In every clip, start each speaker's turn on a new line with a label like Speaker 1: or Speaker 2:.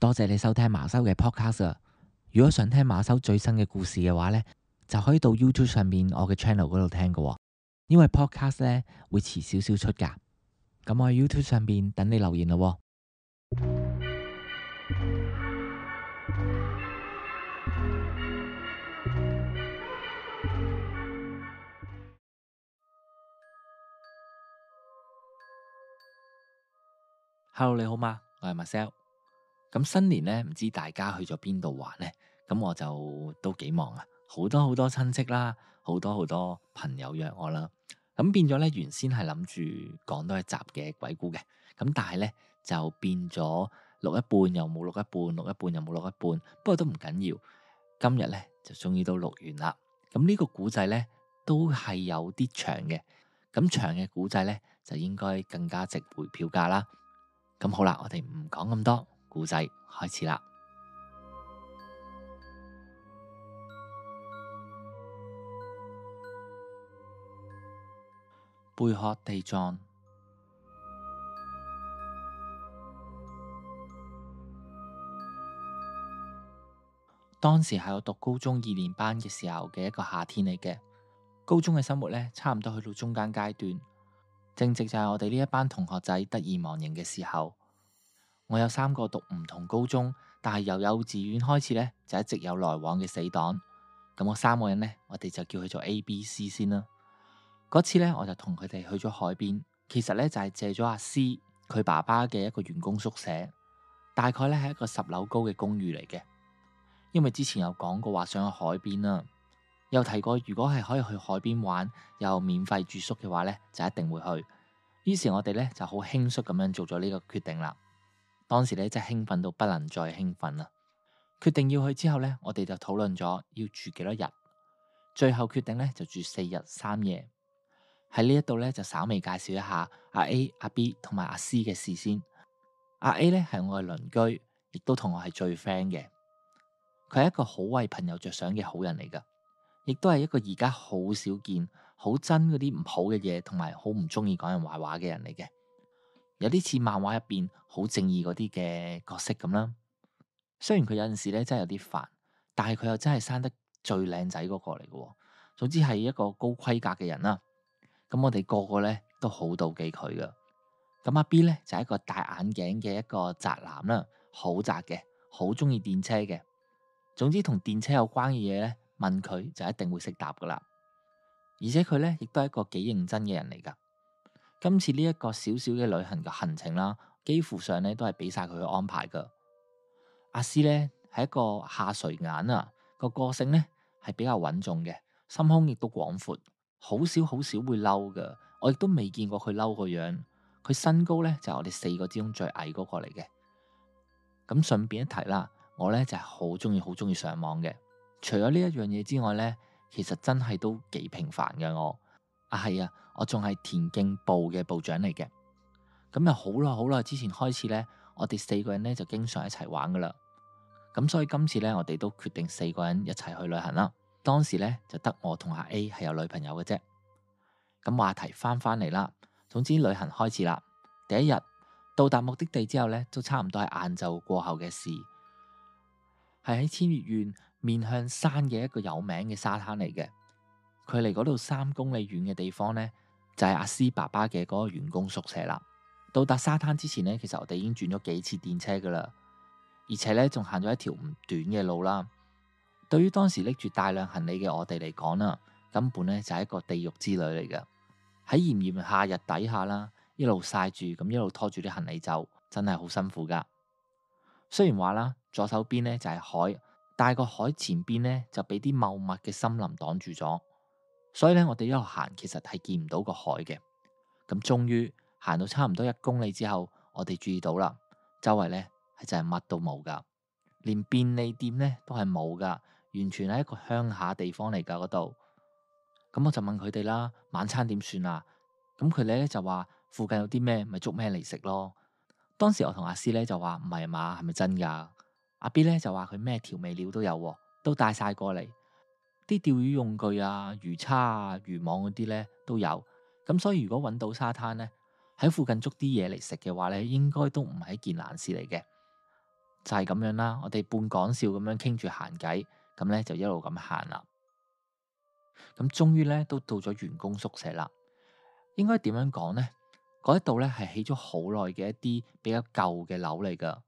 Speaker 1: 多謝你收聽馬修嘅 podcast。如果想聽馬修最新嘅故事嘅話呢，就可以到 YouTube 上面我嘅 channel 嗰度聽噶。因為 podcast 呢會遲少少出噶。咁我喺 YouTube 上面等你留言咯。Hello 你好嗎？我係 Marcel。咁新年咧，唔知大家去咗邊度玩咧？咁我就都幾忙啊，好多好多親戚啦，好多好多朋友約我啦。咁變咗咧，原先係諗住講多一集嘅鬼故嘅，咁但係咧就變咗錄一半又冇錄一半，錄一半又冇錄一半。不過都唔緊要，今日咧就終於都錄完啦。咁呢個古仔咧都係有啲長嘅，咁長嘅古仔咧就應該更加值回票價啦。咁好啦，我哋唔講咁多。故仔開始啦！貝殼地藏。當時係我讀高中二年班嘅時候嘅一個夏天嚟嘅。高中嘅生活呢，差唔多去到中間階段，正值就係我哋呢一班同學仔得意忘形嘅時候。我有三個讀唔同高中，但係由幼稚園開始咧就一直有來往嘅死黨。咁我三個人咧，我哋就叫佢做 A、B、C 先啦。嗰次咧，我就同佢哋去咗海邊，其實咧就係借咗阿 C 佢爸爸嘅一個員工宿舍，大概咧係一個十樓高嘅公寓嚟嘅。因為之前有講過話想去海邊啦，又提過如果係可以去海邊玩又免費住宿嘅話咧，就一定會去。於是我哋咧就好輕率咁樣做咗呢個決定啦。當時咧真係興奮到不能再興奮啦！決定要去之後咧，我哋就討論咗要住幾多日，最後決定咧就住四日三夜。喺呢一度咧就稍微介紹一下阿 A、阿 B 同埋阿 C 嘅事先。阿 A 咧係我嘅鄰居，亦都同我係最 friend 嘅。佢係一個好為朋友着想嘅好人嚟㗎，亦都係一個而家好少見、好憎嗰啲唔好嘅嘢同埋好唔中意講人壞話嘅人嚟嘅。有啲似漫畫入邊好正義嗰啲嘅角色咁啦，雖然佢有陣時咧真係有啲煩，但係佢又真係生得最靚仔嗰個嚟嘅，總之係一個高規格嘅人啦。咁我哋個個咧都好妒忌佢噶。咁阿 B 咧就係一個戴眼鏡嘅一個宅男啦，好宅嘅，好中意電車嘅，總之同電車有關嘅嘢咧，問佢就一定會識答噶啦。而且佢咧亦都係一個幾認真嘅人嚟噶。今次呢一個小小嘅旅行嘅行程啦，幾乎上咧都係俾晒佢去安排噶。阿詩咧係一個下垂眼啊，個個性咧係比較穩重嘅，心胸亦都廣闊，好少好少會嬲噶。我亦都未見過佢嬲個樣。佢身高咧就係我哋四個之中最矮嗰個嚟嘅。咁順便一提啦，我咧就係好中意好中意上網嘅。除咗呢一樣嘢之外咧，其實真係都幾平凡嘅我。啊係啊。我仲係田徑部嘅部長嚟嘅，咁又好耐好耐之前開始呢，我哋四個人呢就經常一齊玩噶啦，咁所以今次呢，我哋都決定四個人一齊去旅行啦。當時呢，就得我同阿 A 係有女朋友嘅啫，咁話題翻返嚟啦。總之旅行開始啦，第一日到達目的地之後呢，都差唔多係晏晝過後嘅事，係喺千葉縣面向山嘅一個有名嘅沙灘嚟嘅，距離嗰度三公里遠嘅地方呢。就係阿斯爸爸嘅嗰個員工宿舍啦。到達沙灘之前呢，其實我哋已經轉咗幾次電車噶啦，而且呢，仲行咗一條唔短嘅路啦。對於當時拎住大量行李嘅我哋嚟講啦，根本呢就係一個地獄之旅嚟嘅。喺炎炎夏日底下啦，一路曬住咁，一路拖住啲行李走，真係好辛苦噶。雖然話啦，左手邊呢就係海，但係個海前邊呢，就俾啲茂密嘅森林擋住咗。所以咧，我哋一路行，其實係見唔到個海嘅。咁終於行到差唔多一公里之後，我哋注意到啦，周圍咧係真係乜都冇噶，連便利店咧都係冇噶，完全係一個鄉下地方嚟噶嗰度。咁我就問佢哋啦，晚餐點算啊？咁佢哋咧就話附近有啲咩，咪捉咩嚟食咯。當時我同阿師咧就話唔係嘛，係咪真噶？阿 B 咧就話佢咩調味料都有，都帶晒過嚟。啲釣魚用具啊、魚叉啊、漁網嗰啲咧都有，咁所以如果搵到沙灘咧，喺附近捉啲嘢嚟食嘅話咧，應該都唔係一件難事嚟嘅。就係咁樣啦，我哋半講笑咁樣傾住行偈，咁咧就一路咁行啦。咁終於咧都到咗員工宿舍啦。應該點樣講咧？嗰一度咧係起咗好耐嘅一啲比較舊嘅樓嚟噶，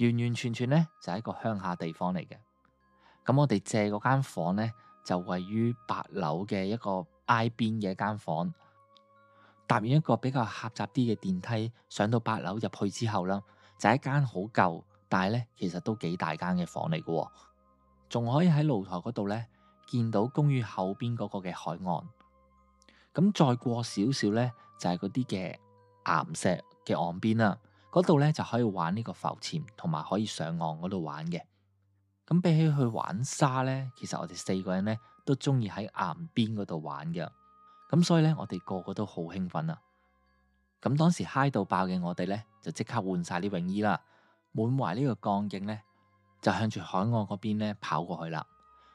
Speaker 1: 完完全全咧就係一個鄉下地方嚟嘅。咁我哋借嗰間房咧。就位於八樓嘅一個挨邊嘅間房間，搭完一個比較狹窄啲嘅電梯上到八樓入去之後啦，就係、一間好舊，但係咧其實都幾大間嘅房嚟嘅。仲可以喺露台嗰度咧見到公寓後邊嗰個嘅海岸，咁再過少少咧就係嗰啲嘅岩石嘅岸邊啦，嗰度咧就可以玩呢個浮潛，同埋可以上岸嗰度玩嘅。咁比起去玩沙咧，其實我哋四個人咧都中意喺岩邊嗰度玩嘅。咁所以咧，我哋個個都好興奮啊。咁當時嗨到爆嘅我哋咧，就即刻換晒啲泳衣啦，滿懷呢個幹勁咧，就向住海岸嗰邊咧跑過去啦。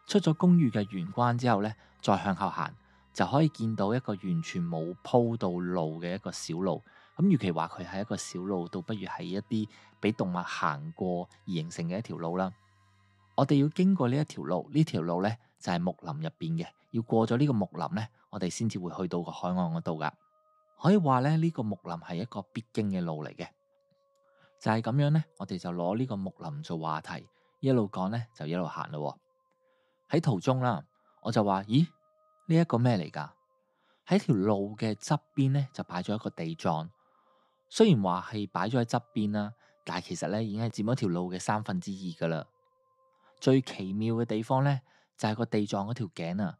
Speaker 1: 出咗公寓嘅玄關之後咧，再向後行就可以見到一個完全冇鋪到路嘅一個小路。咁，與其話佢係一個小路，倒不如係一啲俾動物行過而形成嘅一條路啦。我哋要經過呢一條路，呢條路咧就係、是、木林入邊嘅，要過咗呢個木林咧，我哋先至會去到個海岸嗰度噶。可以話咧，呢、這個木林係一個必經嘅路嚟嘅，就係、是、咁樣咧。我哋就攞呢個木林做話題，一路講咧就一路行咯。喺途中啦，我就話咦，呢、這、一個咩嚟噶？喺條路嘅側邊咧就擺咗一個地藏，雖然話係擺咗喺側邊啦，但係其實咧已經係佔咗條路嘅三分之二噶啦。最奇妙嘅地方咧，就係個地藏嗰條頸啊，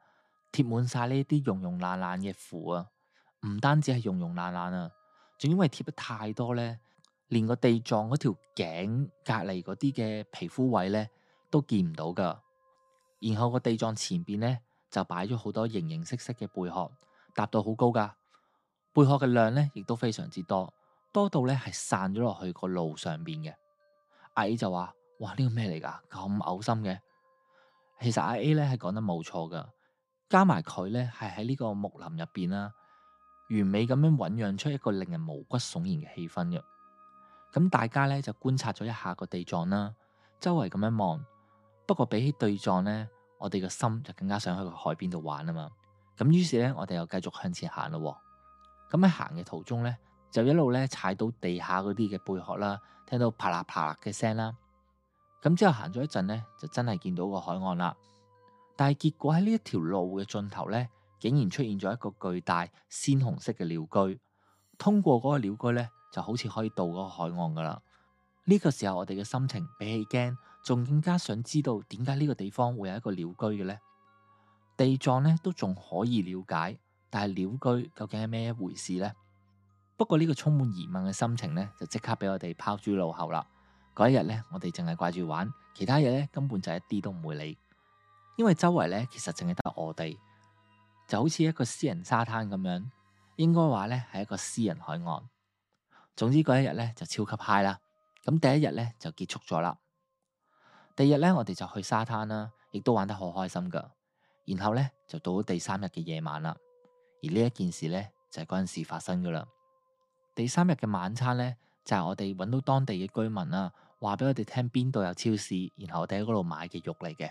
Speaker 1: 貼滿晒呢啲融融爛爛嘅符啊，唔單止係融融爛爛啊，仲因為貼得太多咧，連個地藏嗰條頸隔籬嗰啲嘅皮膚位咧都見唔到噶。然後個地藏前邊咧就擺咗好多形形色色嘅貝殼，搭到好高噶，貝殼嘅量咧亦都非常之多，多到咧係散咗落去個路上邊嘅。阿姨就話。哇！呢個咩嚟噶咁嘔心嘅？其實阿 A 咧係講得冇錯噶，加埋佢咧係喺呢個木林入邊啦，完美咁樣醞釀出一個令人毛骨悚然嘅氣氛嘅。咁大家咧就觀察咗一下個地藏啦，周圍咁樣望。不過比起地藏咧，我哋個心就更加想去個海邊度玩啊嘛。咁於是咧，我哋又繼續向前行咯。咁喺行嘅途中咧，就一路咧踩到地下嗰啲嘅貝殼啦，聽到啪啦啪啦嘅聲啦。咁之後行咗一陣咧，就真係見到個海岸啦。但係結果喺呢一條路嘅盡頭咧，竟然出現咗一個巨大鮮紅色嘅鳥居。通過嗰個鳥居咧，就好似可以到嗰個海岸噶啦。呢個時候我哋嘅心情比起驚，仲更加想知道點解呢個地方會有一個鳥居嘅咧？地藏咧都仲可以了解，但係鳥居究竟係咩一回事咧？不過呢個充滿疑問嘅心情咧，就即刻俾我哋拋諸腦後啦。嗰一日咧，我哋淨係掛住玩，其他嘢咧根本就一啲都唔會理，因為周圍咧其實淨係得我哋，就好似一個私人沙灘咁樣，應該話咧係一個私人海岸。總之嗰一日咧就超級嗨啦，咁第一日咧就結束咗啦。第二日咧我哋就去沙灘啦，亦都玩得好開心噶。然後咧就到咗第三日嘅夜晚啦，而呢一件事咧就係嗰陣時發生噶啦。第三日嘅晚餐咧。就係我哋揾到當地嘅居民啦，話俾我哋聽邊度有超市，然後我哋喺嗰度買嘅肉嚟嘅。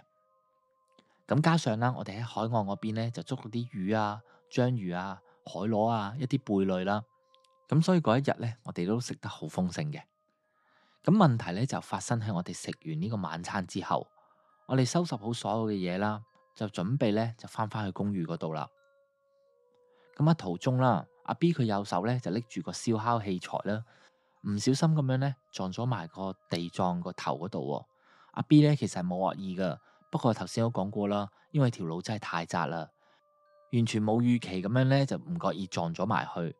Speaker 1: 咁加上啦，我哋喺海岸嗰邊咧就捉咗啲魚啊、章魚啊、海螺啊一啲貝類啦、啊。咁所以嗰一日咧，我哋都食得好豐盛嘅。咁問題咧就發生喺我哋食完呢個晚餐之後，我哋收拾好所有嘅嘢啦，就準備咧就翻返去公寓嗰度啦。咁喺途中啦，阿 B 佢右手咧就拎住個燒烤器材啦。唔小心咁樣咧撞咗埋個地藏個頭嗰度。阿 B 咧其實冇惡意噶，不過頭先我講過啦，因為條路真係太窄啦，完全冇預期咁樣咧就唔覺意撞咗埋去。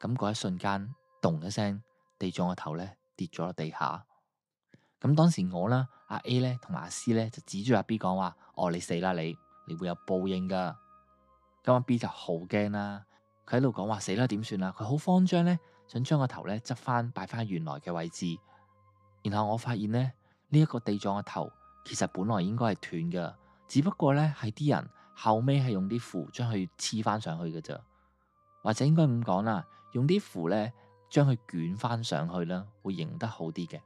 Speaker 1: 咁嗰一瞬間，咚一聲，地藏個頭咧跌咗落地下。咁當時我啦，阿 A 咧同埋阿 C 咧就指住阿 B 講話：哦，你死啦，你你會有報應噶。咁阿 B 就好驚啦，佢喺度講話，死啦，點算呀？佢好慌張咧。想將個頭咧執翻擺翻原來嘅位置，然後我發現咧呢一個地藏嘅頭其實本來應該係斷嘅，只不過咧係啲人後尾係用啲符將佢黐翻上去嘅啫，或者應該咁講啦，用啲符咧將佢捲翻上去啦，會型得好啲嘅。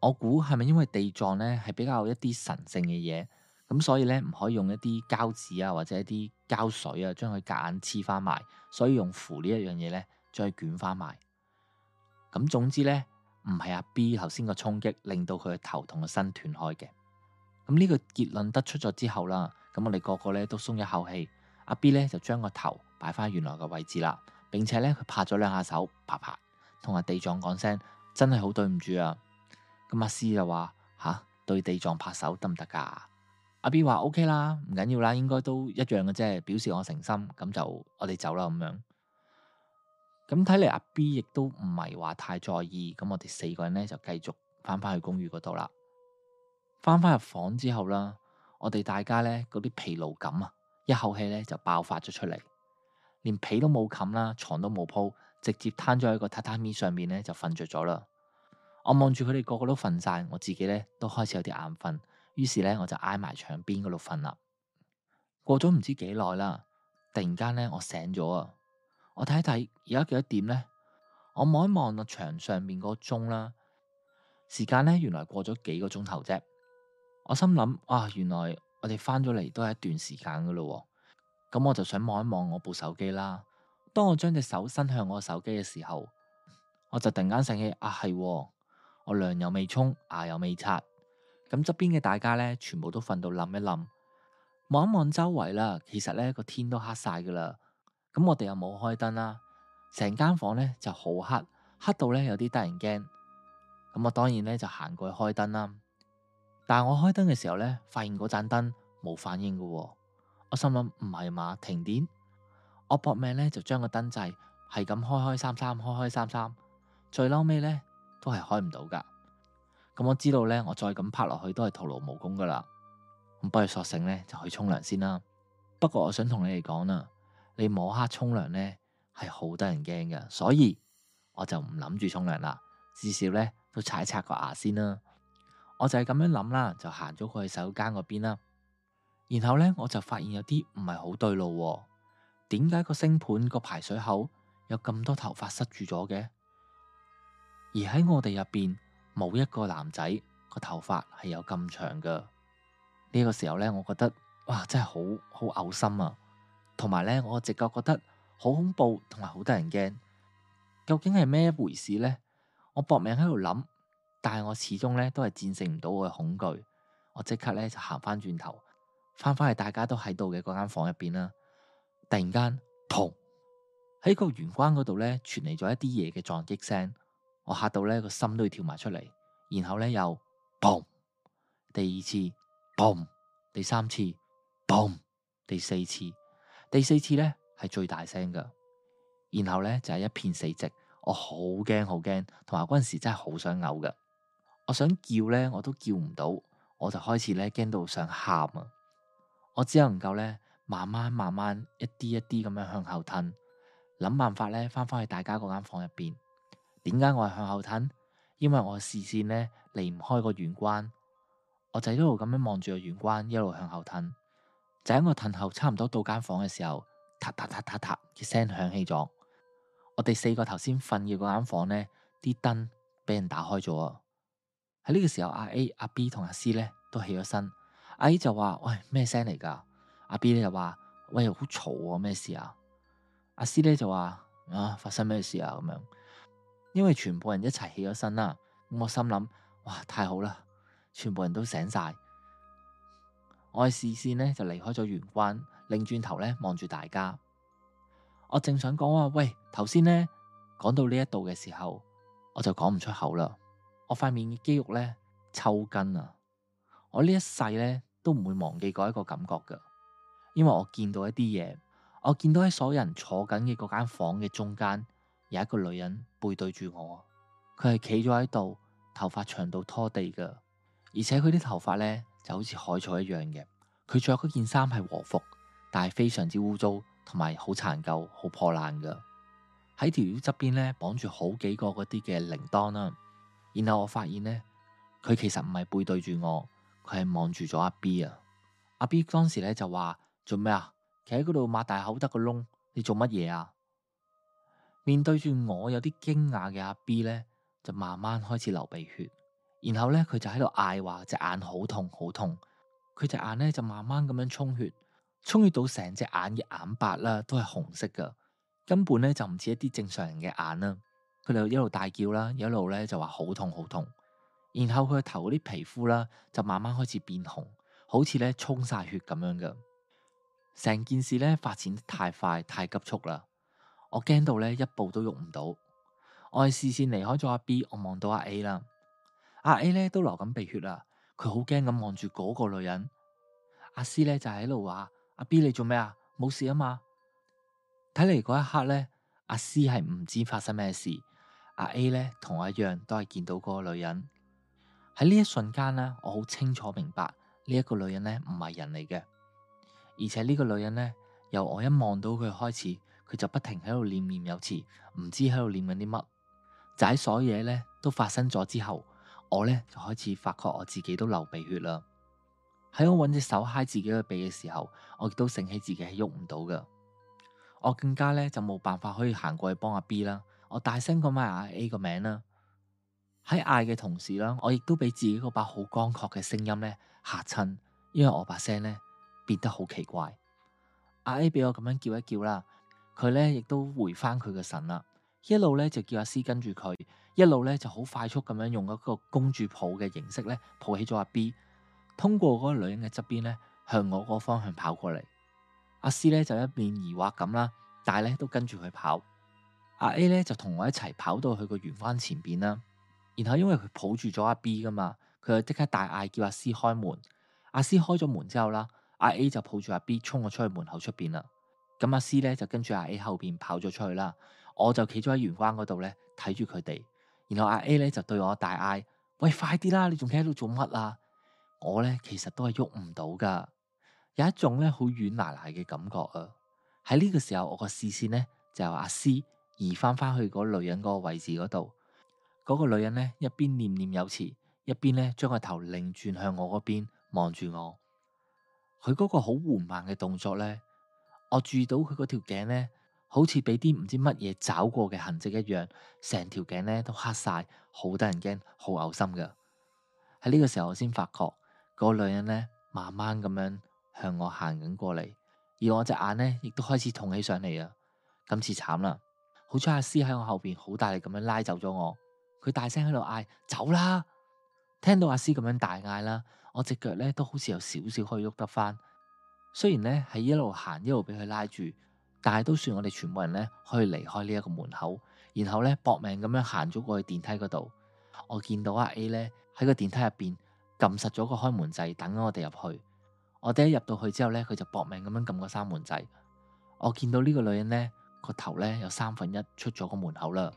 Speaker 1: 我估係咪因為地藏咧係比較一啲神聖嘅嘢，咁所以咧唔可以用一啲膠紙啊或者一啲膠水啊將佢夾硬黐翻埋，所以用符呢一樣嘢咧將佢捲翻埋。咁總之咧，唔係阿 B 頭先個衝擊令到佢嘅頭同個身斷開嘅。咁、這、呢個結論得出咗之後啦,咁我哋個個咧都鬆一口氣。阿 B 咧就將個頭擺翻原來嘅位置啦，並且咧佢拍咗兩下手，啪啪，同阿地藏講聲，真係好對唔住啊。咁、啊、阿 C 就話吓，對地藏拍手得唔得噶？阿 B 話 OK 啦，唔緊要啦，應該都一樣嘅啫，表示我誠心。咁就我哋走啦咁樣。咁睇嚟阿 B 亦都唔係話太在意，咁我哋四個人咧就繼續翻返去公寓嗰度啦。翻返入房之後啦，我哋大家咧嗰啲疲勞感啊，一口氣咧就爆發咗出嚟，連被都冇冚啦，床都冇鋪，直接攤咗喺個榻榻米上面咧就瞓着咗啦。我望住佢哋個個都瞓晒，我自己咧都開始有啲眼瞓，於是咧我就挨埋牆邊嗰度瞓啦。過咗唔知幾耐啦，突然間咧我醒咗啊！我睇一睇而家幾多點呢？我望一望個牆上面個鐘啦，時間呢，原來過咗幾個鐘頭啫。我心諗啊，原來我哋翻咗嚟都係一段時間噶咯。咁我就想望一望我部手機啦。當我將隻手伸向我手機嘅時候，我就突然間醒起啊，係喎，啊，我涼又未沖，牙又未刷。咁側邊嘅大家呢，全部都瞓到冧一冧，望一望周圍啦，其實呢個天都黑晒噶啦。咁我哋又冇開燈啦，成間房咧就好黑，黑到咧有啲得人驚。咁我當然咧就行過去開燈啦。但係我開燈嘅時候咧，發現嗰盞燈冇反應嘅喎。我心諗唔係嘛，停電。我搏命咧就將個燈掣係咁開開閂閂，開開閂閂，最嬲尾咧都係開唔到噶。咁我知道咧，我再咁拍落去都係徒勞無功噶啦。咁不如索性咧就去沖涼先啦。不過我想同你哋講啊。你摸黑沖涼呢係好得人驚噶，所以我就唔諗住沖涼啦，至少呢，都擦一擦個牙先啦。我就係咁樣諗啦，就行咗過去洗手間嗰邊啦。然後呢，我就發現有啲唔係好對路，啊，點解個星盤個排水口有咁多頭髮塞住咗嘅？而喺我哋入邊冇一個男仔個頭髮係有咁長噶。呢、呢個時候呢，我覺得哇，真係好好嘔心啊！同埋咧，我直覺覺得好恐怖，同埋好得人驚。究竟係咩回事咧？我搏命喺度諗，但係我始終咧都係戰勝唔到我嘅恐懼。我即刻咧就行翻轉頭，翻返去大家都喺度嘅嗰間房入邊啦。突然間，砰！喺個玄關嗰度咧傳嚟咗一啲嘢嘅撞擊聲，我嚇到咧個心都要跳埋出嚟。然後咧又砰，第二次砰，第三次砰，第四次。第四次咧係最大聲嘅，然後咧就係一片死寂，我好驚好驚，同埋嗰陣時真係好想嘔嘅，我想叫咧我都叫唔到，我就開始咧驚到想喊啊，我只能夠咧慢慢慢慢一啲一啲咁樣向後褪，諗辦法咧翻返去大家嗰間房入邊。點解我係向後褪？因為我視線咧離唔開個玄關，我仔喺度咁樣望住個玄關，一路向後褪。就喺我褪後差唔多到間房嘅時候，嗒嗒嗒嗒嗒嘅聲響起咗。我哋四個頭先瞓嘅嗰間房呢，啲燈俾人打開咗。喺呢個時候，阿 A, A、阿 B 同阿 C 呢都起咗身。阿 A 就話：喂，咩聲嚟㗎？阿 B 呢就話：喂，好嘈啊，咩事啊？阿 C 呢就話：啊，發生咩事啊？咁樣，因為全部人一齊起咗身啦，我心諗：哇，太好啦，全部人都醒晒。我嘅視線咧就離開咗玄關，擰轉頭咧望住大家。我正想講話，喂頭先咧講到呢一度嘅時候，我就講唔出口啦。我塊面嘅肌肉咧抽筋啊！我呢一世咧都唔會忘記嗰一個感覺噶，因為我見到一啲嘢，我見到喺所有人坐緊嘅嗰間房嘅中間有一個女人背對住我，佢係企咗喺度，頭髮長到拖地噶，而且佢啲頭髮咧。就好似海草一樣嘅，佢着嗰件衫係和服，但係非常之污糟同埋好殘舊、好破爛噶。喺條腰側邊呢綁住好幾個嗰啲嘅鈴鐺啦、啊。然後我發現呢，佢其實唔係背對住我，佢係望住咗阿 B 啊。阿 B 當時咧就話：做咩啊？企喺嗰度擘大口得個窿，你做乜嘢啊？面對住我有啲驚訝嘅阿 B 呢，就慢慢開始流鼻血。然後咧，佢就喺度嗌，話隻眼好痛好痛，佢隻眼咧就慢慢咁樣充血，充血到成隻眼嘅眼白啦都係紅色噶，根本咧就唔似一啲正常人嘅眼啦。佢就一路大叫啦，一路咧就話好痛好痛。然後佢個頭嗰啲皮膚啦就慢慢開始變紅，好似咧沖晒血咁樣噶。成件事咧發展得太快太急促啦，我驚到咧一步都喐唔到。我係視線離開咗阿 B，我望到阿 A 啦。阿 A 咧都流緊鼻血啦，佢好驚咁望住嗰個女人。阿 C 咧就喺度話：阿 B 你做咩啊？冇事啊嘛。睇嚟嗰一刻咧，阿 C 係唔知發生咩事。阿 A 咧同我一樣都係見到嗰個女人喺呢一瞬間啦。我好清楚明白呢一個女人咧唔係人嚟嘅，而且呢個女人咧由我一望到佢開始，佢就不停喺度念念有詞，唔知喺度念緊啲乜，就喺所有嘢咧都發生咗之後。我咧就開始發覺我自己都流鼻血啦。喺我揾隻手嗨自己個鼻嘅時候，我亦都醒起自己係喐唔到噶。我更加咧就冇辦法可以行過去幫阿 B 啦。我大聲咁嗌阿 A 個名啦。喺嗌嘅同時啦，我亦都俾自己個把好乾涸嘅聲音咧吓親，因為我把聲咧變得好奇怪。阿 A 俾我咁樣叫一叫啦，佢咧亦都回翻佢嘅神啦，一路咧就叫阿 C 跟住佢。一路咧就好快速咁樣用一個公主抱嘅形式咧抱起咗阿 B，通過嗰個女人嘅側邊咧向我個方向跑過嚟。阿 C 咧就一面疑惑咁啦，但係咧都跟住佢跑。阿 A 咧就同我一齊跑到去個圓關前邊啦。然後因為佢抱住咗阿 B 噶嘛，佢就即刻大嗌叫阿 C 開門。阿 C 開咗門之後啦，阿 A 就抱住阿 B 衝咗出去門口出邊啦。咁阿 C 咧就跟住阿 A 後邊跑咗出去啦。我就企咗喺圓關嗰度咧睇住佢哋。然後阿 A 咧就對我大嗌：喂，快啲啦！你仲企喺度做乜啊？我咧其實都係喐唔到噶，有一種咧好軟奶奶嘅感覺啊！喺呢個時候，我個視線咧就由阿 C 移翻翻去嗰女人嗰個位置嗰度，嗰個女人咧、那個、一邊念念有詞，一邊咧將個頭擰轉向我嗰邊望住我。佢嗰個好緩慢嘅動作咧，我注意到佢嗰條頸咧。好似俾啲唔知乜嘢找過嘅痕迹一樣，成條頸咧都黑晒，好得人驚，好嘔心噶。喺呢個時候，我先發覺嗰個女人咧，慢慢咁樣向我行緊過嚟，而我隻眼咧亦都開始痛起上嚟啊！今次慘啦，好彩阿師喺我後邊，好大力咁樣拉走咗我。佢大聲喺度嗌：走啦！聽到阿師咁樣大嗌啦，我隻腳咧都好似有少少可以喐得返，雖然咧係一路行一路俾佢拉住。但係都算，我哋全部人咧，可以離開呢一個門口，然後咧搏命，咁樣行咗過去電梯嗰度。我見到阿 A 咧喺個電梯入邊撳實咗個開門掣，等緊我哋入去。我哋一入到去之後咧，佢就搏命咁樣撳個閂門掣。我見到呢個女人咧個頭咧有三分一出咗個門口啦。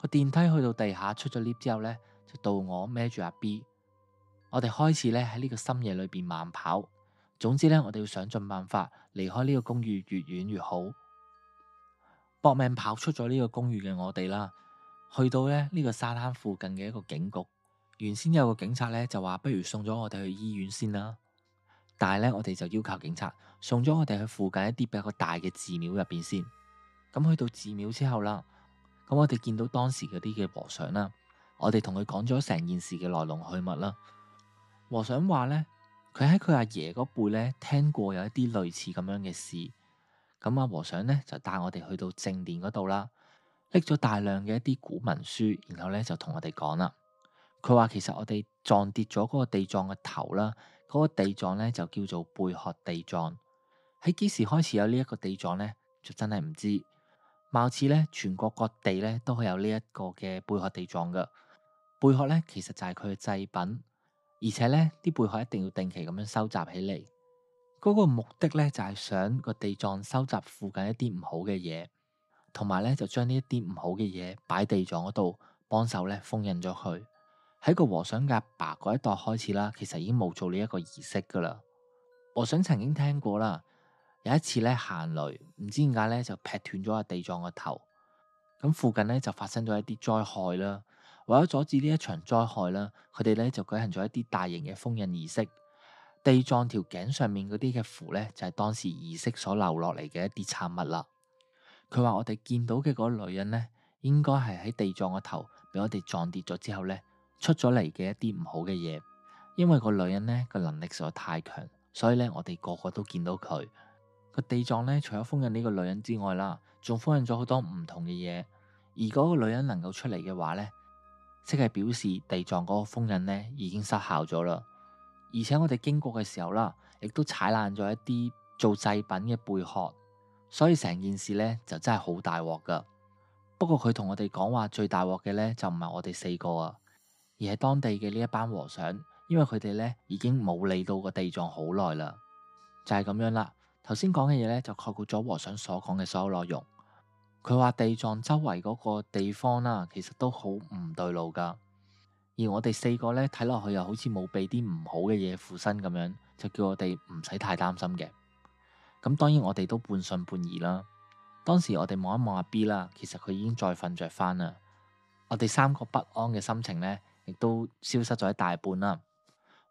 Speaker 1: 個電梯去到地下出咗 lift 之後咧，就到我孭住阿 B。我哋開始咧喺呢個深夜裏邊慢跑。總之咧，我哋要想盡辦法離開呢個公寓，越遠越好。搏命跑出咗呢個公寓嘅我哋啦，去到咧呢個沙灘附近嘅一個警局。原先有個警察咧就話，不如送咗我哋去醫院先啦。但係咧，我哋就要求警察送咗我哋去附近一啲比較大嘅寺廟入邊先。咁去到寺廟之後啦，咁我哋見到當時嗰啲嘅和尚啦，我哋同佢講咗成件事嘅來龍去脈啦。和尚話咧。佢喺佢阿爺嗰輩咧聽過有一啲類似咁樣嘅事，咁阿和尚咧就帶我哋去到正殿嗰度啦，拎咗大量嘅一啲古文書，然後咧就同我哋講啦。佢話其實我哋撞跌咗嗰個地藏嘅頭啦，嗰個地藏咧就叫做貝殼地藏。喺幾時開始有呢一個地藏咧，就真係唔知。貌似咧全國各地咧都係有呢一個嘅貝殼地藏嘅。貝殼咧其實就係佢嘅祭品。而且咧啲貝殼一定要定期咁樣收集起嚟，嗰個目的咧就係想個地藏收集附近一啲唔好嘅嘢，同埋咧就將呢一啲唔好嘅嘢擺地藏嗰度，幫手咧封印咗佢。喺個和尚嘅阿爸嗰一代開始啦，其實已經冇做呢一個儀式噶啦。和尚曾經聽過啦，有一次咧行雷，唔知點解咧就劈斷咗個地藏個頭，咁附近咧就發生咗一啲災害啦。為咗阻止呢一場災害啦，佢哋咧就舉行咗一啲大型嘅封印儀式。地藏條頸上面嗰啲嘅符咧，就係當時儀式所留落嚟嘅一啲產物啦。佢話我哋見到嘅嗰個女人咧，應該係喺地藏個頭俾我哋撞跌咗之後咧出咗嚟嘅一啲唔好嘅嘢，因為個女人咧個能力實在太強，所以咧我哋個個都見到佢個地藏咧。除咗封印呢個女人之外啦，仲封印咗好多唔同嘅嘢，而嗰個女人能夠出嚟嘅話咧。即係表示地藏嗰個封印咧已經失效咗啦，而且我哋經過嘅時候啦，亦都踩爛咗一啲做祭品嘅貝殼，所以成件事咧就真係好大鑊噶。不過佢同我哋講話，最大鑊嘅咧就唔係我哋四個啊，而係當地嘅呢一班和尚，因為佢哋咧已經冇理到個地藏好耐啦。就係咁樣啦，頭先講嘅嘢咧就概括咗和尚所講嘅所有內容。佢話地藏周圍嗰個地方啦，其實都好唔對路㗎。而我哋四個咧睇落去又好似冇俾啲唔好嘅嘢附身咁樣，就叫我哋唔使太擔心嘅。咁當然我哋都半信半疑啦。當時我哋望一望阿 B 啦，其實佢已經再瞓着翻啦。我哋三個不安嘅心情咧，亦都消失咗一大半啦。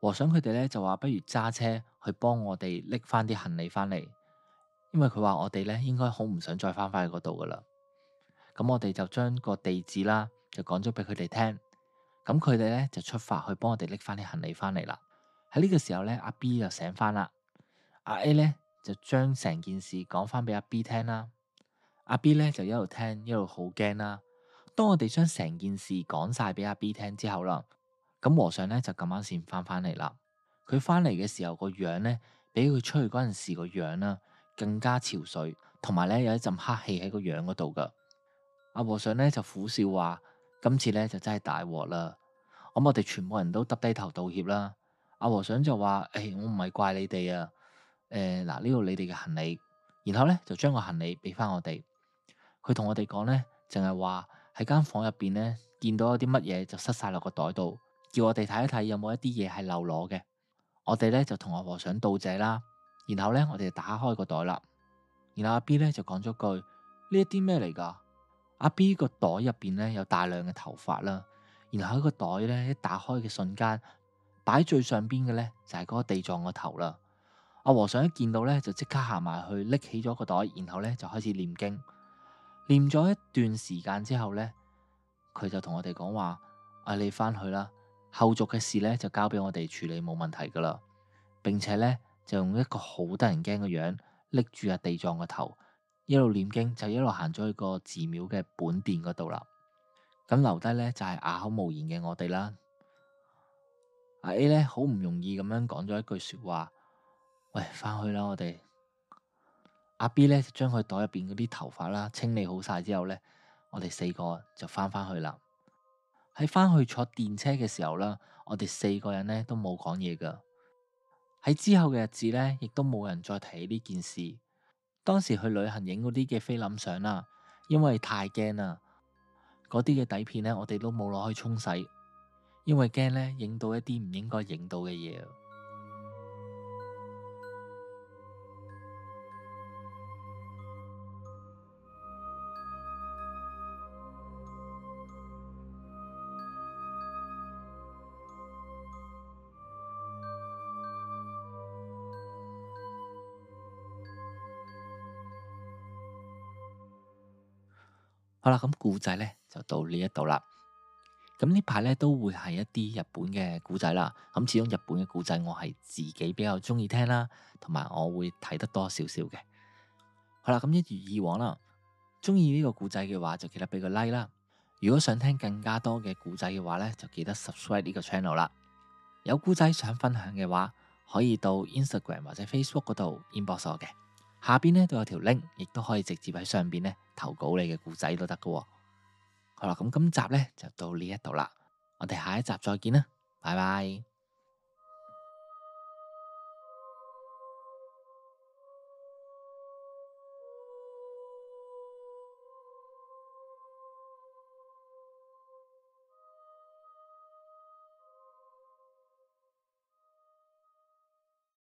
Speaker 1: 和尚佢哋咧就話，不如揸車去幫我哋拎翻啲行李翻嚟。因為佢話我哋咧應該好唔想再返返去嗰度噶啦，咁我哋就將個地址啦，就講咗俾佢哋聽。咁佢哋咧就出發去幫我哋拎翻啲行李翻嚟啦。喺呢個時候咧，阿 B 就醒翻啦，阿 A 咧就將成件事講翻俾阿 B 聽啦。阿 B 咧就一路聽一路好驚啦。當我哋將成件事講晒俾阿 B 聽之後啦，咁和尚咧就咁啱先翻返嚟啦。佢翻嚟嘅時候個樣咧，比佢出去嗰陣時個樣啦，更加憔悴，同埋咧有一陣黑氣喺個樣嗰度噶。阿和尚咧就苦笑話：今次咧就真係大鑊啦。咁我哋全部人都耷低頭道歉啦。阿和尚就話：誒、欸，我唔係怪你哋啊。誒、欸、嗱，呢度你哋嘅行李，然後咧就將個行李俾翻我哋。佢同我哋講咧，淨係話喺間房入邊咧見到有啲乜嘢就塞晒落個袋度，叫我哋睇一睇有冇一啲嘢係漏攞嘅。我哋咧就同阿和尚道謝啦。然後咧，我哋就打開個袋啦。然後阿 B 咧就講咗句：呢一啲咩嚟噶？阿 B 個袋入邊咧有大量嘅頭髮啦。然後喺個袋咧一打開嘅瞬間，擺最上邊嘅咧就係嗰個地藏個頭啦。阿和尚一見到咧就即刻行埋去拎起咗個袋，然後咧就開始念經。念咗一段時間之後咧，佢就同我哋講話：阿你翻去啦，後續嘅事咧就交俾我哋處理，冇問題噶啦，並且咧。就用一個好得人驚嘅樣，拎住阿地藏個頭，一路念經就一路行咗去個寺廟嘅本殿嗰度啦。咁留低呢，就係、是、啞口無言嘅我哋啦。阿、啊、A 呢，好唔容易咁樣講咗一句說話，喂，翻去啦我哋。阿、啊、B 呢，就將佢袋入邊嗰啲頭髮啦清理好晒之後呢，我哋四個就翻返去啦。喺翻去坐電車嘅時候啦，我哋四個人呢都冇講嘢噶。喺之後嘅日子呢，亦都冇人再提起呢件事。當時去旅行影嗰啲嘅菲林相啦，因為太驚啦，嗰啲嘅底片呢，我哋都冇攞去沖洗，因為驚呢影到一啲唔應該影到嘅嘢。咁故仔呢就到呢一度啦。咁呢排呢都會係一啲日本嘅故仔啦。咁始終日本嘅故仔我係自己比較中意聽啦，同埋我會睇得多少少嘅。好啦，咁一如以往啦，中意呢個故仔嘅話就記得俾個 like 啦。如果想聽更加多嘅故仔嘅話呢，就記得 subscribe 呢個 channel 啦。有故仔想分享嘅話，可以到 Instagram 或者 Facebook 嗰度 inbox 我嘅。下邊咧都有條 link，亦都可以直接喺上邊咧投稿你嘅故仔都得㗎。好啦，咁今集咧就到呢一度啦，我哋下一集再見啦，拜拜。